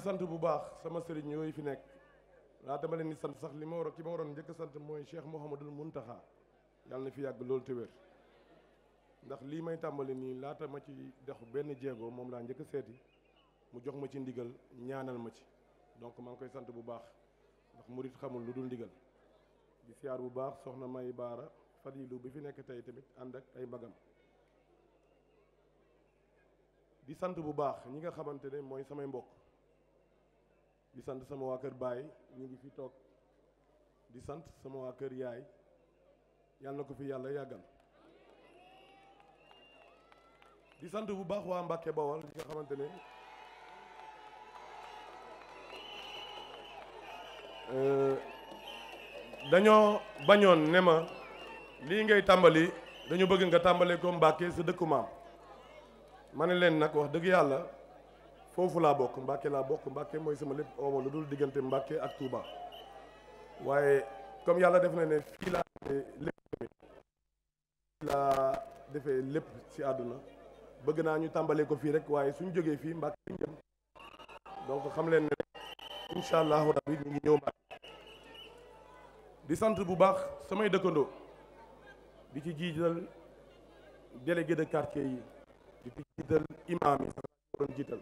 sant bu baax sama sëriñ yooyu fi nekk laata ma leen di sant sax li ma war ki ma waroon njëkk sant mooy Cheikh Mouhamadul Mountakha yàlla na fi yàgg loolu te wér ndax lii may tàmbali nii laata ma ci def benn jéego moom laa njëkk seeti mu jox ma ci ndigal ñaanal ma ci donc maa ngi koy sant bu baax ndax murit xamul lu dul ndigal di siyaar bu baax soxna May Baara Fadilu bi fi nekk tey tamit ànd ak ay mbagam di sant bu baax ñi nga xamante ne mooy samay mbokk di sant sama waa kër baay ñu ngi fi toog di sant sama waa kër yaay yàlla na ko fi yàlla yàggal di sant bu baax waa Mbàkke Bawol ñi nga xamante ne euh, dañoo bañoon ne ma lii ngay tàmbali dañu bëgg nga tàmbalee ko Mbàkke sa dëkku maam ma leen nag wax dëgg yàlla foofu laa bokk Mbàkke laa bokk Mbàkke mooy sama lépp omo lu dul diggante Mbàkke ak Touba waaye comme yàlla def na ne fii laa lépp fii defee lépp ci àdduna bëgg naa ñu tàmbalee ko fii rek waaye suñ jógee fii Mbàkke ñu jëm donc xam leen ne incha allahu rabbi ñu ngi ñëw Mbàkke di sant bu baax samay dëkkandoo di ci jiital délégué de quartier yi di ci jiital imaam yi sax doon jiital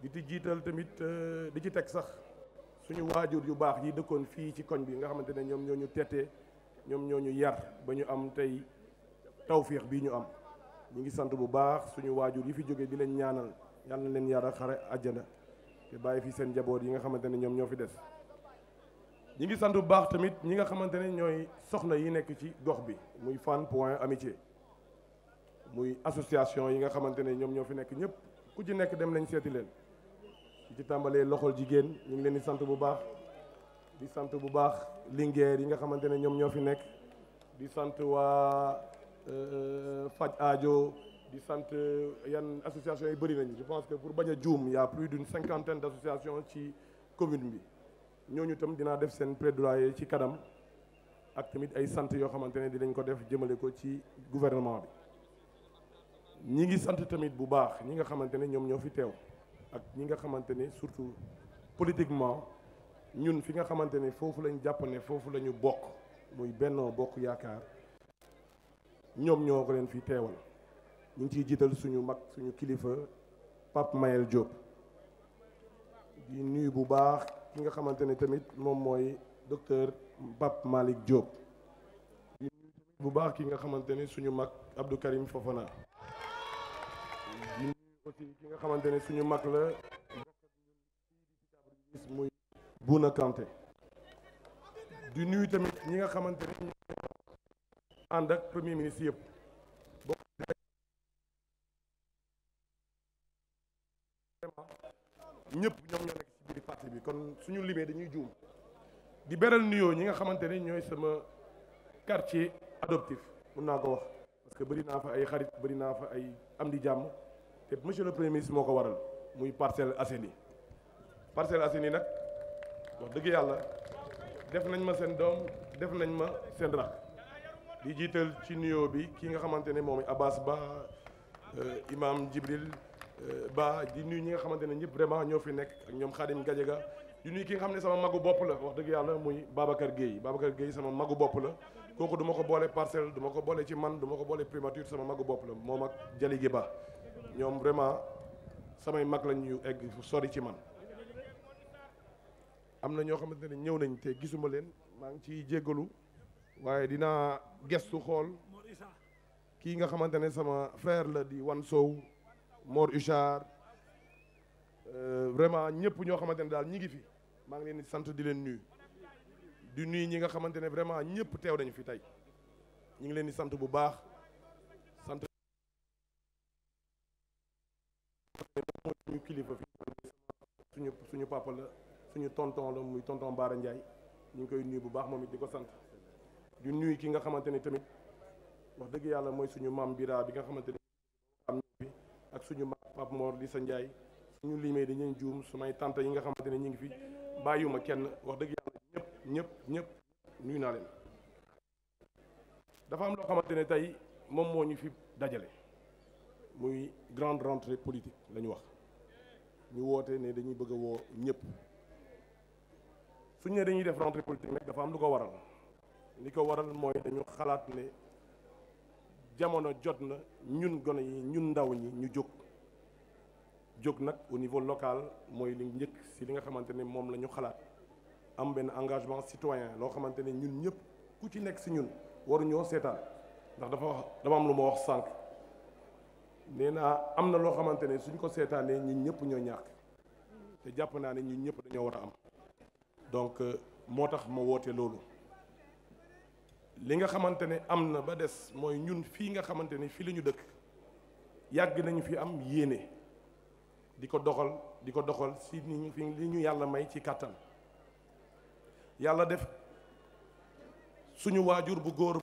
di ci jiital tamit euh, di ci teg sax suñu waajur yu baax yi dëkkoon fii ci koñ bi nga xamante ne ñoom ñoo ñu tettee ñoom ñoo ñu yar ba ñu am tey tawféex bii ñu am ñu ngi sant bu baax suñu waajur yi fi jógee di leen ñaanal yal na leen yara xare àjjana te bàyyi fi seen njaboot yi nga xamante ne ñoom ñoo fi des. ñi ngi sant bu baax tamit ñi nga xamante ne ñooy soxna yi nekk ci gox bi muy Fann Point Amitié muy association yi nga xamante ne ñoom ñoo fi nekk ñëpp ku ci nekk dem nañ seeti leen. ci tàmbalee loxol jigéen ñu ngi leen di sant bu baax di sant bu baax lingeer yi nga xamante ne ñoom ñoo fi nekk di sant waa euh, euh, faj ajo di sant euh, yan association yi bëri nañu je pense que pour bañ a juum y a plus d'une cinquantaine d'associations ci commune bi ñooñu itam dinaa def seen plaidoyer ci kanam ak tamit ay sant yoo xamante ne dinañ ko def jëmale ko ci gouvernement bi ñi ngi sant tamit bu baax ñi nga xamante ne ñoom ñoo fi teew ak ñi nga xamante ne surtout politiquement ñun fi nga xamante ne foofu lañ jàpp foofu lañu bokk muy Benno Bokk Yaakaar ñoom ñoo ko leen fi teewal ñu ngi ciy jiital suñu mag suñu kilifa Pape Mayel Diop di nuyu bu baax ki nga xamante ne tamit moom mooy docteur Pape Malick Diop di nuyu bu baax ki nga xamante ne suñu mag Abdou Karim Fofana aussi ki nga xamante ne suñu mag la gis muy Bouna Kanté di nuyu tamit ñi nga xamante ne ñu ànd ak premier ministre yëpp ñëpp ñoom ñoo nekk ci biir parti bi kon suñu limee dañuy juum di beral nuyoo ñi nga xamante ne ñooy sama quartier adoptif mun naa ko wax parce que bëri naa fa ay xarit bëri naa fa ay am di jàmm te monsieur le premier ministre moo ko waral muy Parcelles Assainies Parcelles Assainies nag wax dëgg yàlla def nañ ma seen doom def nañ ma seen rakk di jiital ci nuyoo bi ki nga xamante ne moom Abbas Ba euh, Imam Jibril euh, Ba di nuyu ñi nga xamante ne ñëpp vraiment ñëw fi nekk ak ñoom Khadim Gadiaga di nuyu ki nga xam ne sama magu bopp la wax dëgg yàlla muy Babacar Guèye Babacar Guèye sama magu bopp la kooku du ma ko boole parcelle duma ko boole ci man duma ko boole primature sama magu bopp la moom ak Ba ñoom vraiment samay mag lañ ñu egg fu sori ci man am na ñoo xamante ne ñëw nañ te gisuma leen maa ngi ciy jéggalu waaye dinaa gestu xool kii nga xamante ne sama frère la di Wan Sow Mor Huchard euh, vraiment ñëpp ñoo xamante ne daal ñi ngi fi maa ngi leen di sant di leen nuyu di nuyu ñi nga xamante ne vraiment ñëpp teew nañu fi tey ñu ngi leen di sant bu baax kilifa fi suñu suñu papa la suñu tonton la muy tonton Baara Ndiaye ñu ngi koy nuyu bu baax moom it di ko sant di nuyu ki nga xamante ni tamit wax dëgg yàlla mooy suñu maam Bira bi nga xamante ni am ak suñu maam Pape Mor sa Ndiaye suñu limee dañuy juum sumay tante yi nga xamante ne ñu ngi fi ma kenn wax dëgg yàlla ñëpp ñëpp ñëpp nuyu naa leen dafa am loo xamante ne tey moom moo ñu fi dajale muy grande rentrée politique la ñu wax ñu woote ne dañuy bëgg a woo ñëpp suñ ne dañuy def rentrée politique nag dafa am lu ko waral li ko waral mooy dañu xalaat ne jamono jot na ñun gone yi ñun ndaw ñi ñu jóg jóg nag au niveau local mooy li njëkk si li nga xamante ne moom la ñu xalaat am benn engagement citoyen loo xamante ne ñun ñëpp ku ci nekk si ñun waruñoo seetaan ndax dafa wax dama am lu ma wax sànq nee naa am na loo xamante ne suñ ko seetaanee ñun ñëpp ñoo ñàkk te jàpp naa ne ñun ñëpp dañoo war a am donc euh, moo tax ma wootee loolu li nga xamante ne am na ba des mooy ñun fii nga xamante ne fii lañu dëkk yàgg nañu fi am yéene di ko doxal di ko doxal si ni fi li ñu yàlla may ci kàttan yàlla def suñu waajur bu góor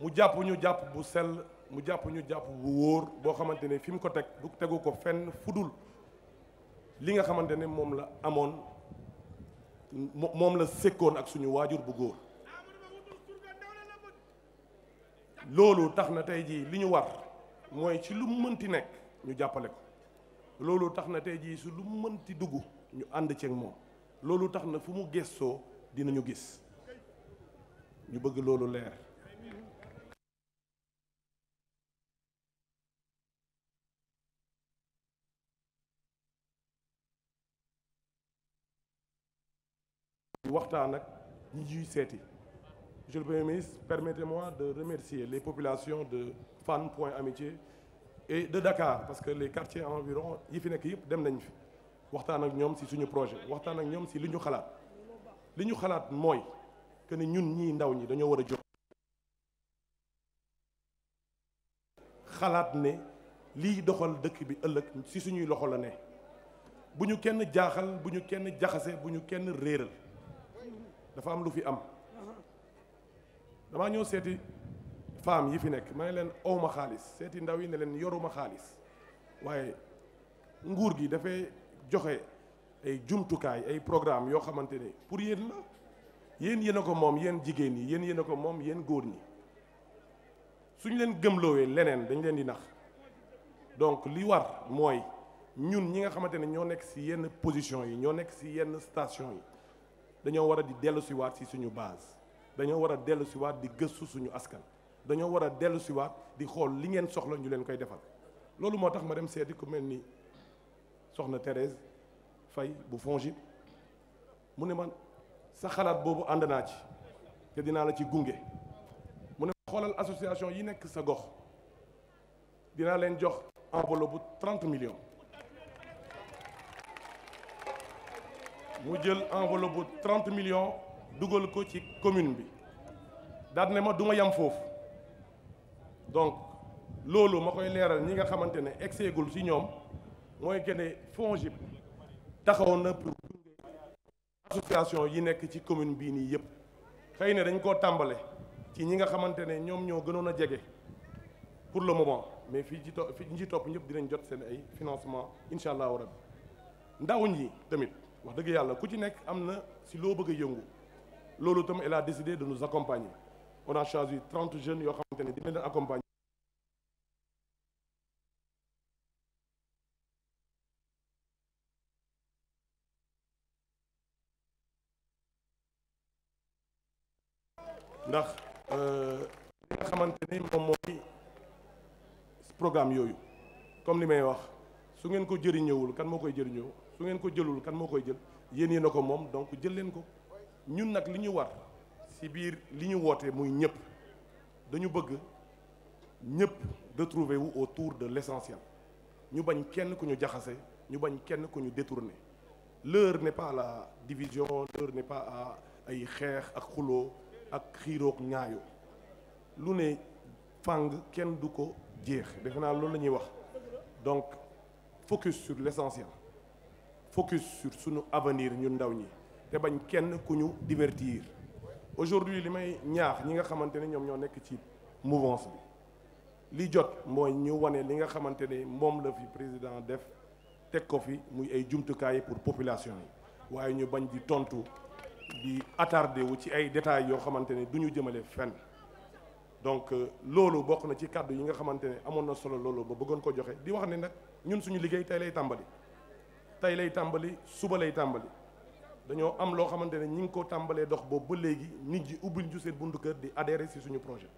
mu jàpp ñu jàpp bu sel mu jàpp ñu jàpp bu wóor boo xamante ne fi mu ko teg du tegu ko fenn fu dul li nga xamante ne moom la amoon moom la sekkoon ak suñu waajur bu góor loolu tax na tey jii li ñu war mooy ci lu mënti nekk ñu jàppale ko loolu tax na tey jii su lu mënti dugg ñu ànd ceeg moom loolu tax na fu mu gëstoo dinañu gis ñu bëgg loolu leer waxtaan ak ñi ñuy seeti monsieur le premier ministre permettez-moi de remercier les populations de Fann Point Amitié et de dakaar parce que les quartiers environ yi fi nekk yëpp dem nañ fi waxtaan ak ñoom si suñu projet waxtaan ak ñoom si li ñu xalaat li ñu xalaat mooy que ni ñun ñii ndaw ñi dañoo war a jóg xalaat ne liy doxal dëkk bi ëllëg ci suñuy loxo la ne bu ñu kenn jaaxal bu ñu kenn jaxase bu ñu kenn réeral dafa am lu fi am damaa ñëw seeti femmes yi fi nekk ma ne leen awma xaalis seeti ndaw yi ne leen yoruma xaalis waaye nguur gi dafay joxe ay jumtukaay ay programme yoo xamante ne pour yéen la yéen a ko moom yéen jigéen yi yéen yéen ko moom yéen góor ñi suñ leen gëmloowee leneen dañ leen di nax donc li war mooy ñun ñi nga xamante ne ñoo nekk ci yenn position yi ñoo nekk ci yenn station yi dañoo war a di dellu si si suñu base dañoo war a dellu si di gëstu suñu askan dañoo war a dellu si di xool li ngeen soxla ñu leen koy defal loolu moo tax ma dem seeti ku mel ni soxna Thérèse fay bu FONGIP mu ne man sa xalaat boobu ànd naa ci te dinaa la ci gunge mu ne xoolal association yi nekk sa gox dinaa leen jox enveloppe bu 30 millions mu jël enveloppe trente million millions dugal ko ci commune bi daal ne ma du ma yem foofu donc loolu ma koy leeral ñi nga xamante ne egseegul ci ñoom mooy gene FONGIP taxaw na pour association yi nekk ci commune bii nii yëpp xëy na dañ koo tàmbale ci ñi nga xamante ne ñoom ñoo gënoon a jege pour le moment mais fii ci to fii ñëpp dinañ jot seen ay financement incha allah rabbi ndawuñ yi tamit wax dëgg yàlla ku ci nekk am na si loo bëgg a yëngu loolu itam elle la décidé de nous accompagner on a choisi trente jeunes yoo xamante ne dina leen ndax euh, li nga xamante ni moom programme yooyu comme li may wax su ngeen ko jëriñëwul kan moo koy jëriñëw su ngeen ko jëlul kan moo koy jël yéen yéen a ko moom donc jël leen ko ñun nag li ñu war si biir li ñu woote muy ñëpp dañu bëgg ñëpp retrouver wu autour de l'essentiel ñu bañ kenn ku ñu jaxase ñu bañ kenn ku ñu détourner l'heure n'est pas la division l'heure n'est pas à ay xeex ak xuloo ak xiirook ñaayo lu ne fàng kenn du ko jeex defe naa loolu la ñuy wax donc focus sur l'essentiel focus sur suñu avenir ñu ndaw ñi te bañ kenn ku ñu divertir aujourd'hui li may ñaax ñi nga xamante ne ñoom ñoo nekk ci mouvance bi li jot mooy ñu wane li nga xamante ne moom la fi président def teg ko fi muy ay jumtukaay pour population yi waaye ñu bañ di tontu di attardé wu ci ay détails yoo xamante ne du ñu jëmale fenn donc euh, loolu bokk na ci kàddu yi nga xamante ne amoon na solo loolu ba bëggoon ko joxe di wax ne nag ñun suñu liggéey tey lay tàmbali. tey lay tàmbali suba lay tàmbali dañoo am loo xamante ne ñi ngi ko tàmbalee dox boobu ba léegi nit ji ubbil ju seen buntu kër di adhéré si suñu projet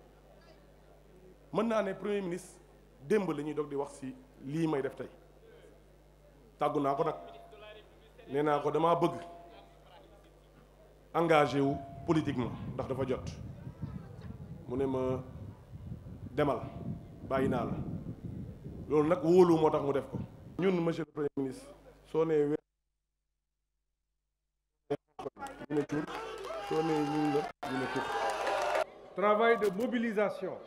mën naa ne premier ministre démb la ñuy dog di wax si lii may def tey tàggu naa ko nag nee naa ko damaa bëgg engagé wu politiquement ndax dafa jot mu ne ma demal bàyyi naa la loolu nag wóolu moo tax mu def ko ñun monsieur le premier ministre soo nee wér ñu ne cuur soo nee ñun la de mobilisation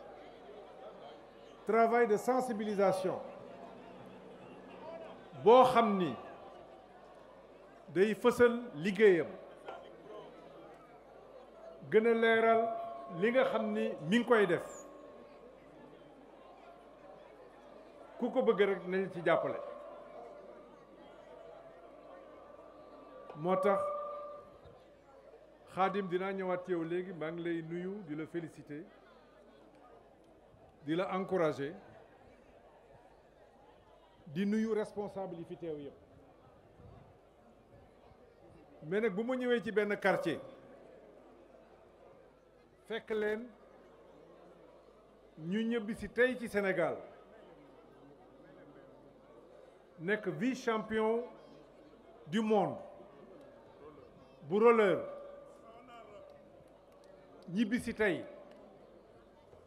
travail de sensibilisation boo xam ni day fësal liggéeyam gën a leeral li nga xam ni mi ngi koy def ku ko bëgg rek nañu ci jàppale moo tax xaadim dinaa ñëwaat yow léegi maa ngi lay nuyu di la féliciter di la encourager di nuyu responsable yi fi teew yëpp mais bu ma ñëwee ci benn quartier fekk leen ñu ñëbbi si tey ci Sénégal nekk vice champion du monde bu relève ñibbi si tey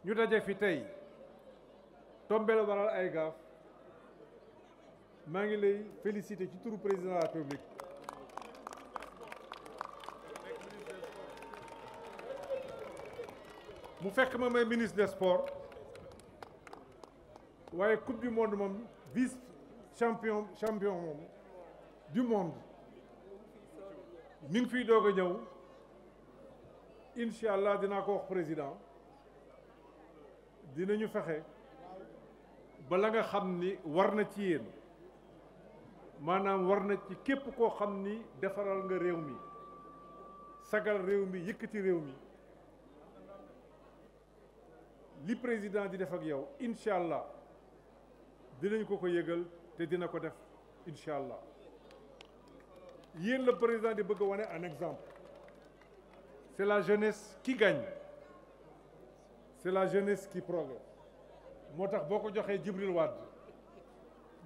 ñu daje fi tey tombeel waral ay gaaf maa ngi lay félicité ci turu président de la République mu fekk ma may ministre des sport waaye coupe du monde moom vice champion champion moom du monde mi ngi fiy doog a ñëw incha allah dinaa ko wax président dinañu fexe bala nga xam ni war na ci yéen maanaam war na ci képp koo xam ni defaral nga réew mi sagal réew mi yëkkati réew mi li président di def ak yow incha allah dinañ ko ko yëgal te dina ko def incha allah yéen la président di bëgg a wane un exemple c'est la jeunesse ki gagne c'est la jeunesse qui progresse moo tax boo ko joxee Djibril Wade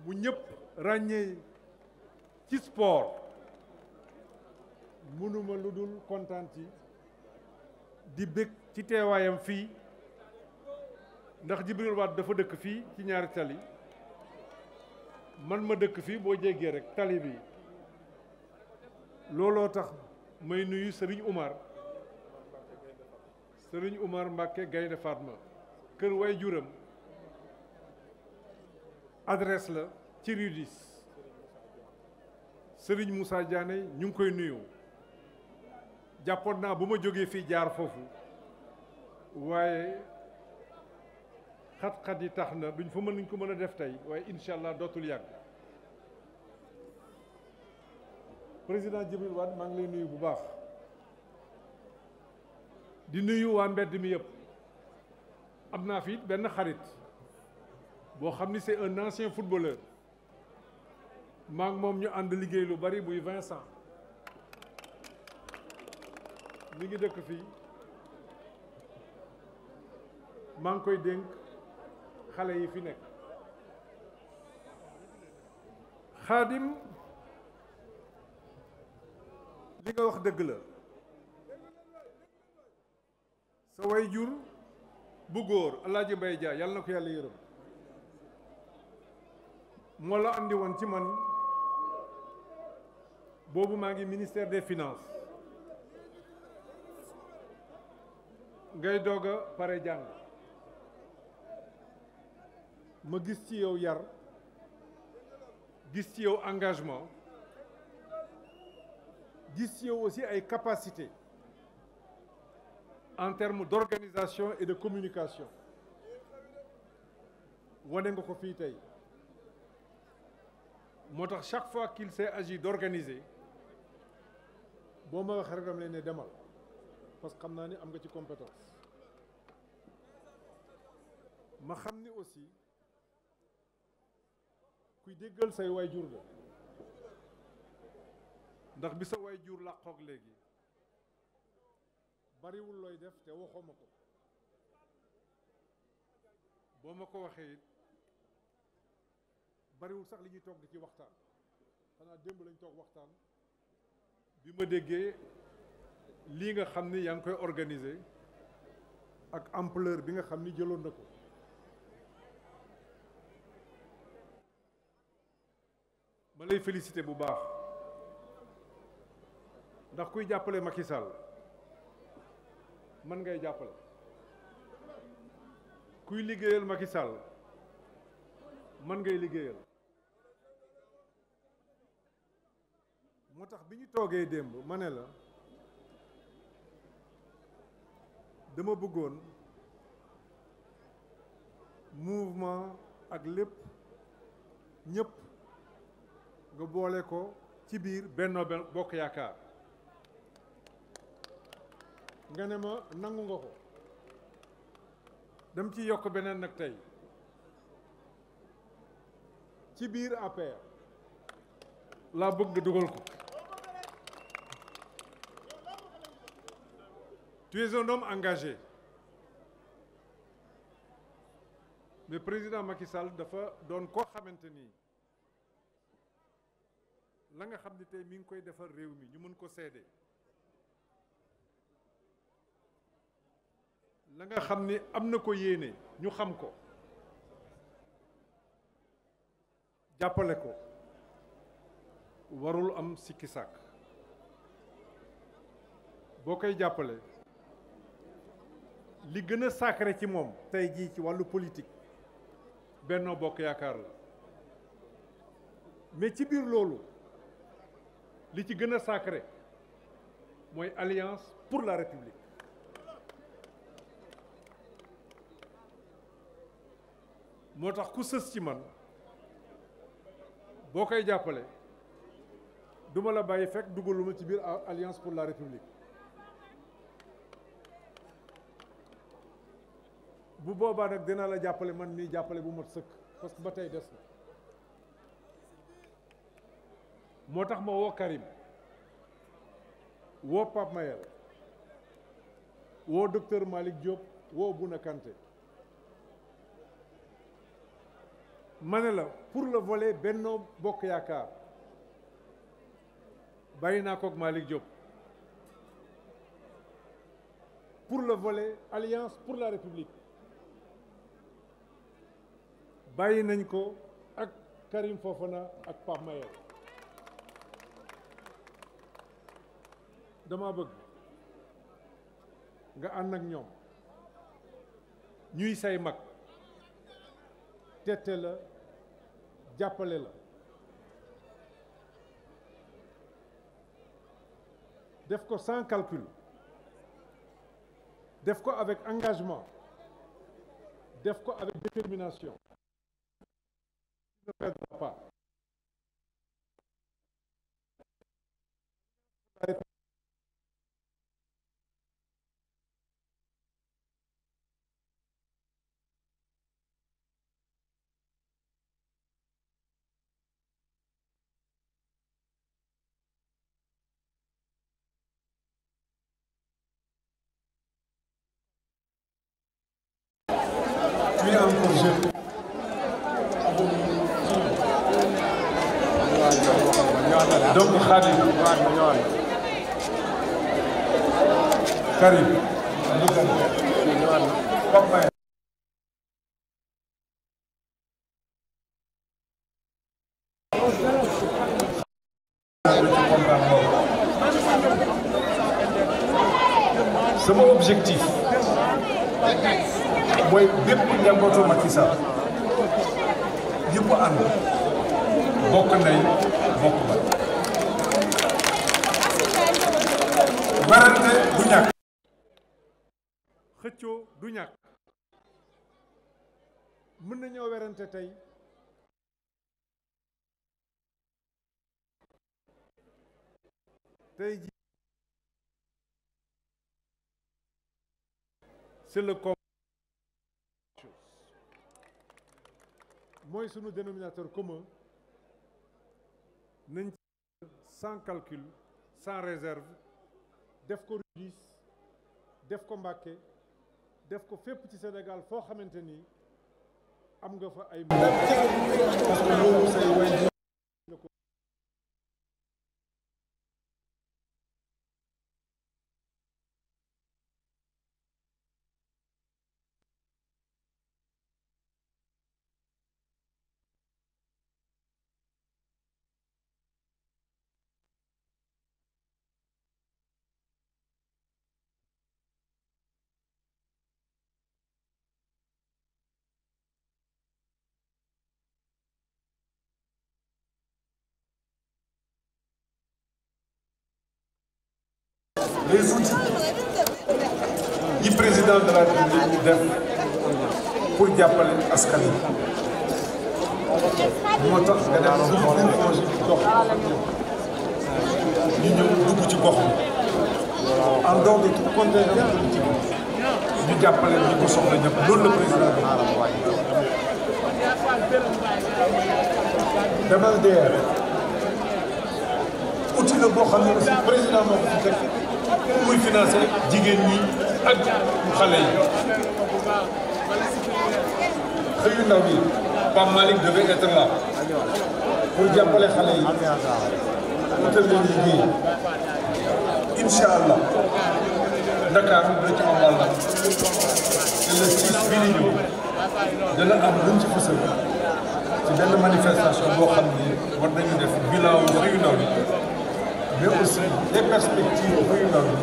bu ñépp ràññee ci sport mënuma lu dul kontaan ci di bég ci teewaayam fii ndax Djibril Wade dafa dëkk fii ci ñaari tali man ma dëkk fii boo jéggee rek tali bi looloo tax may nuyu Serigne Oumar Serigne Oumar Mbacke Gaynde Fatma kër way juram adresse la ci rudis Serigne Moussa Diané ñu ngi koy nuyu jàppoon naa bu ma jógee fii jaar foofu waaye xat-xat yi tax na duñ fa mën nañ ko mën a def tey waaye incha allah dootul yàgg. président Djibril Wade maa ngi lay nuyu bu baax di nuyu waa mbedd mi yëpp am naa fi benn xarit boo xam ni c'est un ancien footballeur maa moom ñu ànd liggéey lu bari muy Vincent mi ngi dëkk fii maa ngi koy dénk xale yi fi nekk Xaadim li nga wax dëgg la sa way jur bu góor Alaaji Mbay Jaay yàlla na ko yàlla yërëm moo la andi woon ci man boobu maa ngi ministère de finance ngay doog a pare jàng ma gis ci yow yar gis ci yow engagement gis yow aussi ay capacité en termes d'organisation et de communication wane nga ko fii tey moo tax chaque fois qu'il s'est agi d'organiser boo ma waxee rek dama leen ne demal parce que xam naa ni am nga ci compétence ma xam ni aussi kuy déggal say waay jur la ndax bi sa way jur làqoog léegi bariwul looy def te waxoo ma ko boo ma ko waxee it bariwul sax li ñuy toog di ci waxtaan xanaa démb lañ toog waxtaan bi ma déggee lii nga xam ni yaa ngi koy organise ak ampleur bi nga xam ni jëloon na ko ma lay féliciter bu baax ndax kuy jàppale Macky Sall man ngay jàppale kuy liggéeyal Macky Sall man ngay liggéeyal moo tax bi ñu toogee démb ma ne la dama bëggoon mouvement ak lépp ñëpp nga boole ko ci biir Benno Bokk Yaakaar nga ne ma nangu nga ko dem ci yokk beneen nag tey ci biir APR laa bëgg dugal ko tu es un homme engagé mais président Macky Sall dafa doon koo xamante ni la nga xam ni tey mi ngi koy defar réew mi ñu mën ko seede la nga xam ni am na ko yéene ñu xam ko jàppale ko warul am sikki sàkk boo koy jàppale li gën a sacré ci moom tey jii ci wàllu politique Benno Bokk Yaakaar la mais ci biir loolu li ci gën a sacré mooy alliance pour la république moo tax ku sës ci man boo koy jàppale duma la bàyyi fekk dugaluma ci biir alliance pour la république bu boobaa nag dinaa la jàppale man mii jàppale bu mat sëkk parce que ba tey des na moo tax ma woo Karim woo Pape Mayel woo docteur Malick Diop woo Bouna Kanté mane la pour le volet Benno Bokk Yaakaar bàyyi naa koog Malick Diop pour le volet Alliance pour la République bàyyi nañ ko ak Karim Fofana ak Pape Mayer dama bëgg nga ànd ak ñoom ñuy say mag tette la jàppale la def ko sans calcul def ko avec engagement def ko avec détermination ne perdra pas donc Khadim Karim sama objectif mooy bépp njabootu Macky Sall yëpp ànd bokk nañ du ñàkk mën nañoo werante tey tey ji c'est le combat mooy sunu dénominateur commun nañ ci sans calcul sans réserve def ko Rufisque def ko Mbacké def ko fépp ci Sénégal foo xamante ni am nga fa ay. les outils yi président de la République def pour jàppale askan wi moo tax nga def lu mu projet bi dox ñu ñëw dugg ci gox bi en dehors de tout contexte politique ñu jàppale ñi ko soxla ñëpp loolu la président bi demal DR outil la boo xam ne aussi président moo ko fi teg muy financé jigéen ñi ak xale yi. xëyu ndaw bi Pape Malick devait être là pour jàppale xale yi utal leen liggéey incha allah Dakar dina ci am wàll nag te le 6 bii di ñëw dana am luñ wu xëyu mais aussi les perspectives xëyu ndaw yi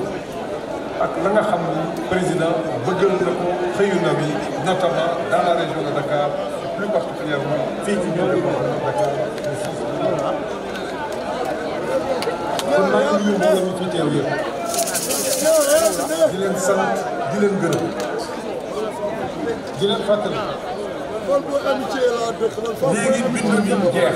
ak la nga xam ni président bëggal na ko xëyu ndaw yi notamment dans la région de Dakar plus particulièrement fii ci biir département de Dakar le six kon maa ngi nuyu mbooloo mi fi teew yëpp di leen sant di leen gërëm di leen fàttali léegi bindu mi jeex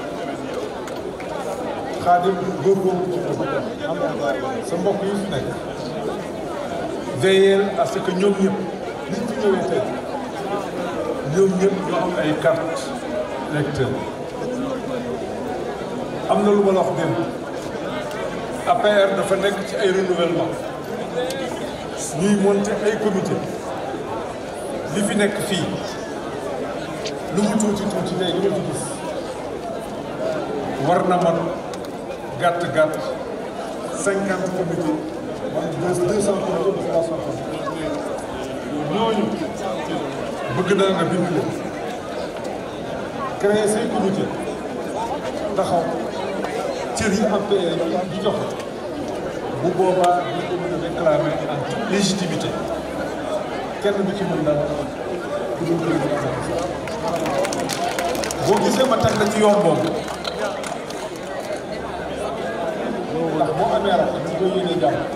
xaadim góorgóorlu ci dugub sa mbokk yi fi nekk veilleel à ce ñoom ñëpp ni ñoom ñëpp ñu am ay carte électeur am na lu ma la wax démb APR dafa nekk ci ay renouvellement ñuy monter ay comité li fi nekk fii lu mu tuuti tuuti tey li ma fi war na man gàtt gàtt cinquante comités maanaam bëgg naa nga bind leen créer say comité taxaw cër yi am payé jox bu boobaa dañ ko mën a déclarer en légitimité kenn du ci mën dara boo gisee ma tax ci yoon ko yéene jàpp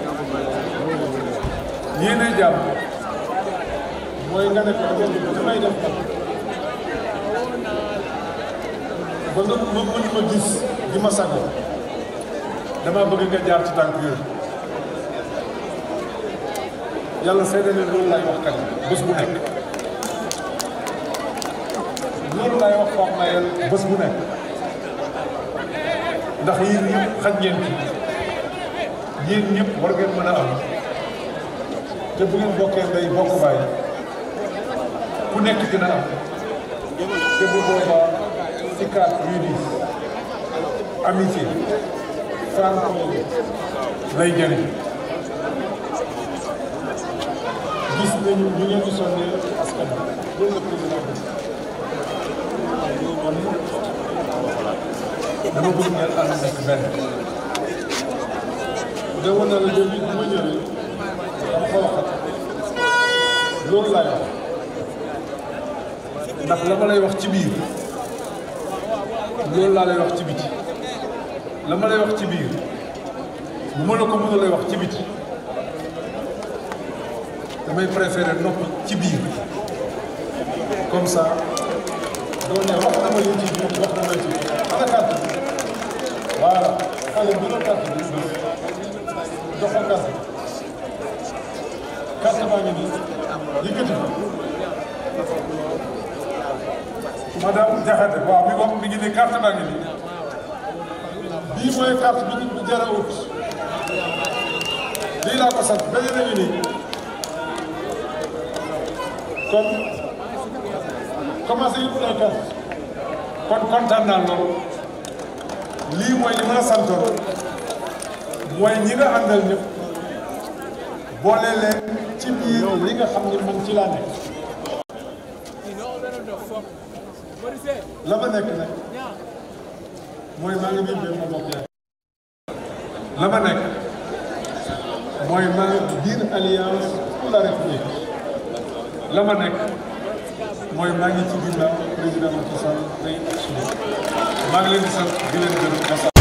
yéene jàpp mooy nga ne ko affaire bi damay def kat ba nga ma mën ma gis di ma sago dama bëgg nga jaar ci tànk yooyu yàlla seede ne loolu laay wax kat bés bu nekk loolu laay wax Pape Mayel bés bu nekk ndax yéen xaj ngeen ci yéen ñëpp war ngeen mën a am te bu ngeen bokkee day bokk baay ku nekk dina am te bu boobaa Sicap Rudis amitié franco lay jëriñ gis nañu ñu ngeen sonnee askan bi loolu la président bi nekk benn demoon na la dégg bi ma ñëwee dafa wax loolu laay wax la ma lay wax ci biir loolu laa lay wax ci biti la ma lay wax ci biir bu ma la ko mën a lay wax ci biti damay préférer noppi ci biir comme ça doo ne wax na ma li ci biir wax na ma ci biir ana carte voilà xale bi la carte jox ko baa ngi nii yëkkati ko madame Diakhaté waaw mi wax mi ngi ne baa ngi nii bii mooy carte bi nit ñi jar a wut lii laa ko nii kon commencé yëpp lii mooy li ma la mooy ñi nga àndal ñëpp boole leen ci biir li nga xam ni man ci laa nekk nekk nag mooy maa ngi biir benn bokk yaa la ma nekk mooy maa ngi biir alliance pour la république la ma nekk mooy maa ngi ci ginnaaw président Macky Sall tey maa ngi leen di sant di leen